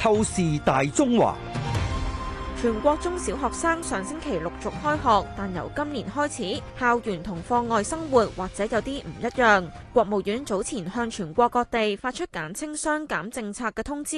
透視大中華。全國中小學生上星期陸續開學，但由今年開始，校園同課外生活或者有啲唔一樣。國務院早前向全國各地發出簡稱“雙減”政策嘅通知，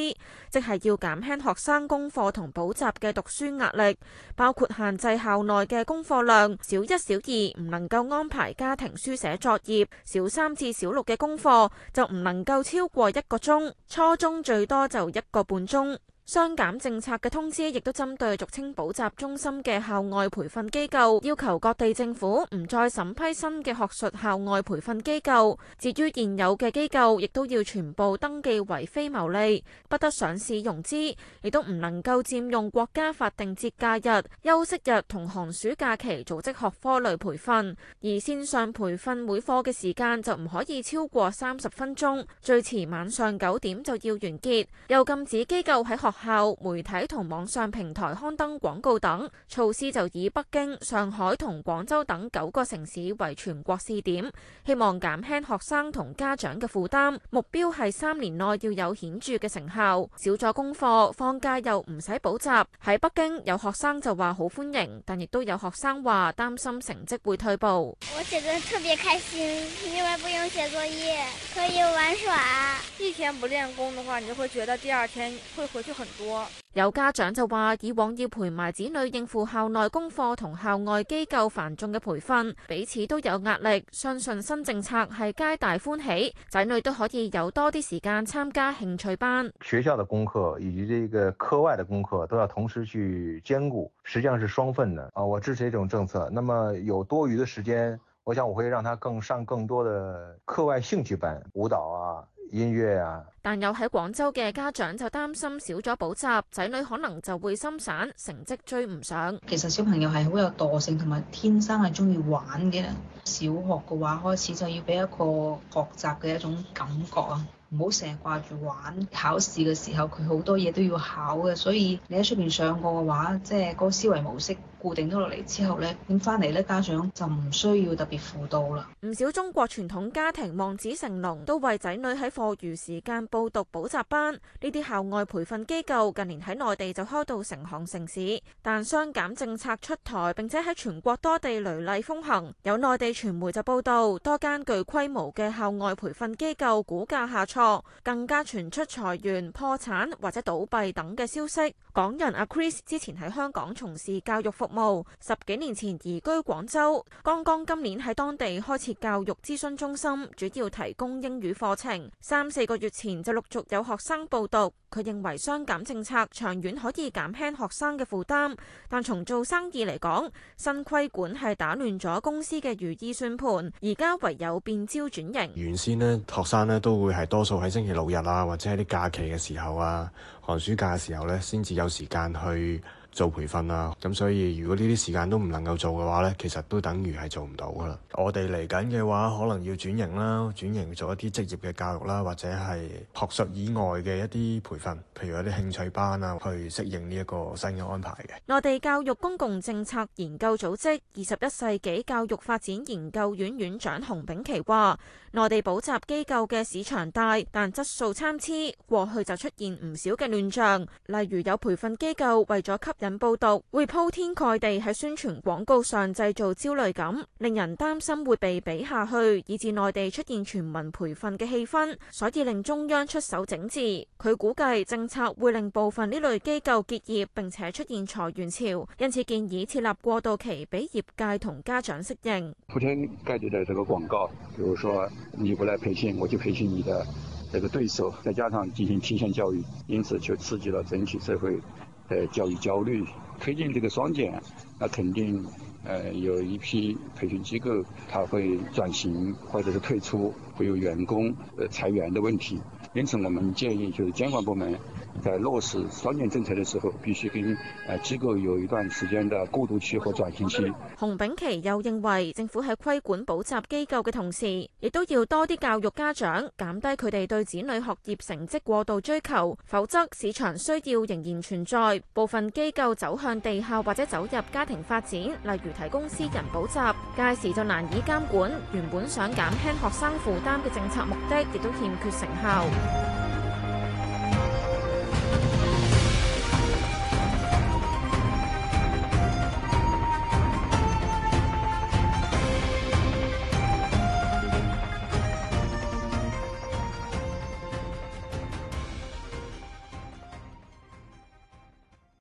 即係要減輕學生功課同補習嘅讀書壓力，包括限制校內嘅功課量，小一小二唔能夠安排家庭書寫作業，小三至小六嘅功課就唔能夠超過一個鐘，初中最多就一個半鐘。雙減政策嘅通知亦都針對俗稱補習中心嘅校外培訓機構，要求各地政府唔再審批新嘅學術校外培訓機構。至於現有嘅機構，亦都要全部登記為非牟利，不得上市融資，亦都唔能夠占用國家法定節假日、休息日同寒暑假期組織學科類培訓。而線上培訓每課嘅時間就唔可以超過三十分鐘，最遲晚上九點就要完結。又禁止機構喺學學校、媒體同網上平台刊登廣告等措施，就以北京、上海同廣州等九個城市為全國試點，希望減輕學生同家長嘅負擔，目標係三年內要有顯著嘅成效。少咗功課，放假又唔使補習。喺北京有學生就話好歡迎，但亦都有學生話擔心成績會退步。我寫得特別開心，因為不用寫作業，可以玩耍。一天不練功嘅話，你就會覺得第二天會回去很。有家長就話，以往要陪埋子女應付校內功課同校外機構繁重嘅培訓，彼此都有壓力。相信新政策係皆大歡喜，仔女都可以有多啲時間參加興趣班。學校的功課以及這個課外的功課都要同時去兼顧，實際上是雙份的啊！我支持呢種政策，那麼有多餘的時間，我想我會讓他更上更多的課外興趣班，舞蹈啊。但有喺廣州嘅家長就擔心少咗補習，仔女可能就會心散，成績追唔上。其實小朋友係好有惰性，同埋天生係中意玩嘅。小學嘅話開始就要俾一個學習嘅一種感覺啊，唔好成日掛住玩。考試嘅時候佢好多嘢都要考嘅，所以你喺出邊上課嘅話，即係嗰個思維模式，固定咗落嚟之後咧，點翻嚟咧，家長就唔需要特別輔導啦。唔少中國傳統家庭望子成龍都為仔女喺課餘時間報讀補習班。呢啲校外培訓機構近年喺內地就開到成行成市。但雙減政策出台並且喺全國多地雷厲風行，有內地傳媒就報道多間具規模嘅校外培訓機構股價下挫，更加傳出裁員破產或者倒閉等嘅消息。港人阿 Chris 之前喺香港從事教育服務，務十幾年前移居廣州，剛剛今年喺當地開設教育諮詢中心，主要提供英語課程。三四個月前就陸續有學生報讀。佢認為雙減政策長遠可以減輕學生嘅負擔，但從做生意嚟講，新規管係打亂咗公司嘅如意算盤，而家唯有變招轉型。原先呢，學生呢都會係多數喺星期六日啊，或者喺啲假期嘅時候啊，寒暑假嘅時候呢，先至有時間去，做培訓啊，咁所以如果呢啲時間都唔能夠做嘅話咧，其實都等於係做唔到噶啦。我哋嚟緊嘅話，可能要轉型啦，轉型做一啲職業嘅教育啦，或者係學術以外嘅一啲培訓，譬如一啲興趣班啊，去適應呢一個新嘅安排嘅。內地教育公共政策研究組織二十一世紀教育發展研究院院長熊丙奇話，內地補習機構嘅市場大，但質素參差，過去就出現唔少嘅亂象，例如有培訓機構為咗吸引報道會鋪天蓋地喺宣傳廣告上製造焦慮感，令人擔心會被比下去，以致內地出現全民培訓嘅氣氛，所以令中央出手整治。佢估計政策會令部分呢類機構結業，並且出現裁員潮，因此建議設立過渡期俾業界同家長適應。鋪天蓋地的這個廣告，比如說你不來培訓，我就培訓你的這個對手，再加上進行提前教育，因此就刺激了整體社會。呃，教育焦慮，推進這個雙減，那肯定，呃，有一批培訓機構它會轉型或者是退出，會有員工呃裁員的問題，因此我們建議就是監管部門。在落實雙減政策的時候，必須跟誒機構有一段時間的過渡期和轉型期。洪炳琦又認為，政府喺規管補習機構嘅同時，亦都要多啲教育家長，減低佢哋對子女學業成績過度追求，否則市場需要仍然存在，部分機構走向地下或者走入家庭發展，例如提供私人補習，屆時就難以監管。原本想減輕學生負擔嘅政策目的，亦都欠缺成效。